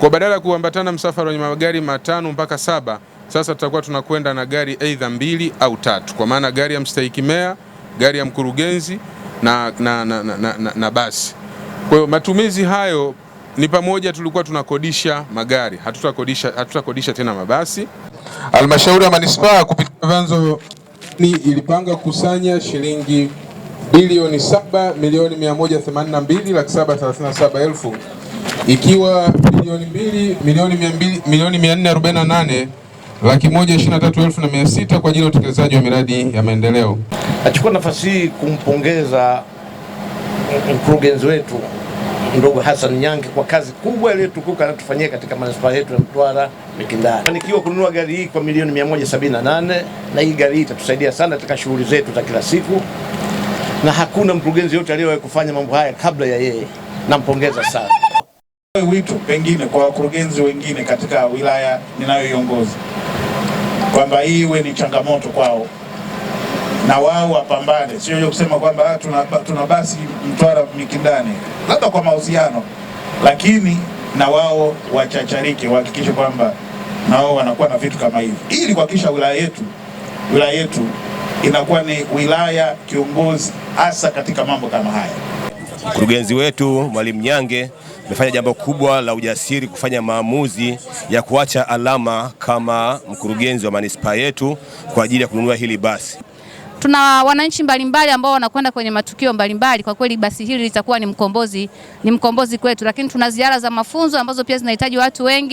Kwa badala ya kuambatana msafara wenye magari matano mpaka saba, sasa tutakuwa tunakwenda na gari aidha mbili au tatu, kwa maana gari ya mstahiki meya, gari ya mkurugenzi na, na, na, na, na, na, na basi. Kwa hiyo matumizi hayo ni pamoja, tulikuwa tunakodisha magari, hatutakodisha hatutakodisha tena mabasi. Halmashauri ya manispaa kupitia vyanzo ilipanga kukusanya shilingi bilioni 7 milioni 182 laki 737 elfu ikiwa milioni mbili milioni mia mbili milioni mia nne arobaini na nane laki moja ishirini na tatu elfu na mia sita kwa ajili ya utekelezaji wa miradi ya maendeleo. Nachukua nafasi hii kumpongeza mkurugenzi wetu ndugu Hassan Nyange kwa kazi kubwa iliyotukuka anatufanyia katika manispaa yetu ya Mtwara Mikindani. Fanikiwa kununua gari hii kwa milioni 178, na hii gari hii itatusaidia sana katika shughuli zetu za kila siku, na hakuna mkurugenzi yote aliyewahi kufanya mambo haya kabla ya yeye. Nampongeza sana. Wito pengine kwa wakurugenzi wengine katika wilaya ninayoiongoza kwamba hii iwe ni changamoto kwao na wao wapambane, sio kusema kwamba ah, tuna, tuna basi Mtwara Mikindani, labda kwa mahusiano, lakini na wao wachachariki wahakikishe kwamba na wao wanakuwa na vitu kama hivi, ili kuhakikisha wilaya yetu wilaya yetu inakuwa ni wilaya kiongozi hasa katika mambo kama haya. Mkurugenzi wetu Mwalimu Nyange umefanya jambo kubwa la ujasiri kufanya maamuzi ya kuacha alama kama mkurugenzi wa manispaa yetu kwa ajili ya kununua hili basi. Tuna wananchi mbalimbali ambao wanakwenda kwenye matukio mbalimbali. Kwa kweli basi hili litakuwa ni mkombozi, ni mkombozi kwetu, lakini tuna ziara za mafunzo ambazo pia zinahitaji watu wengi.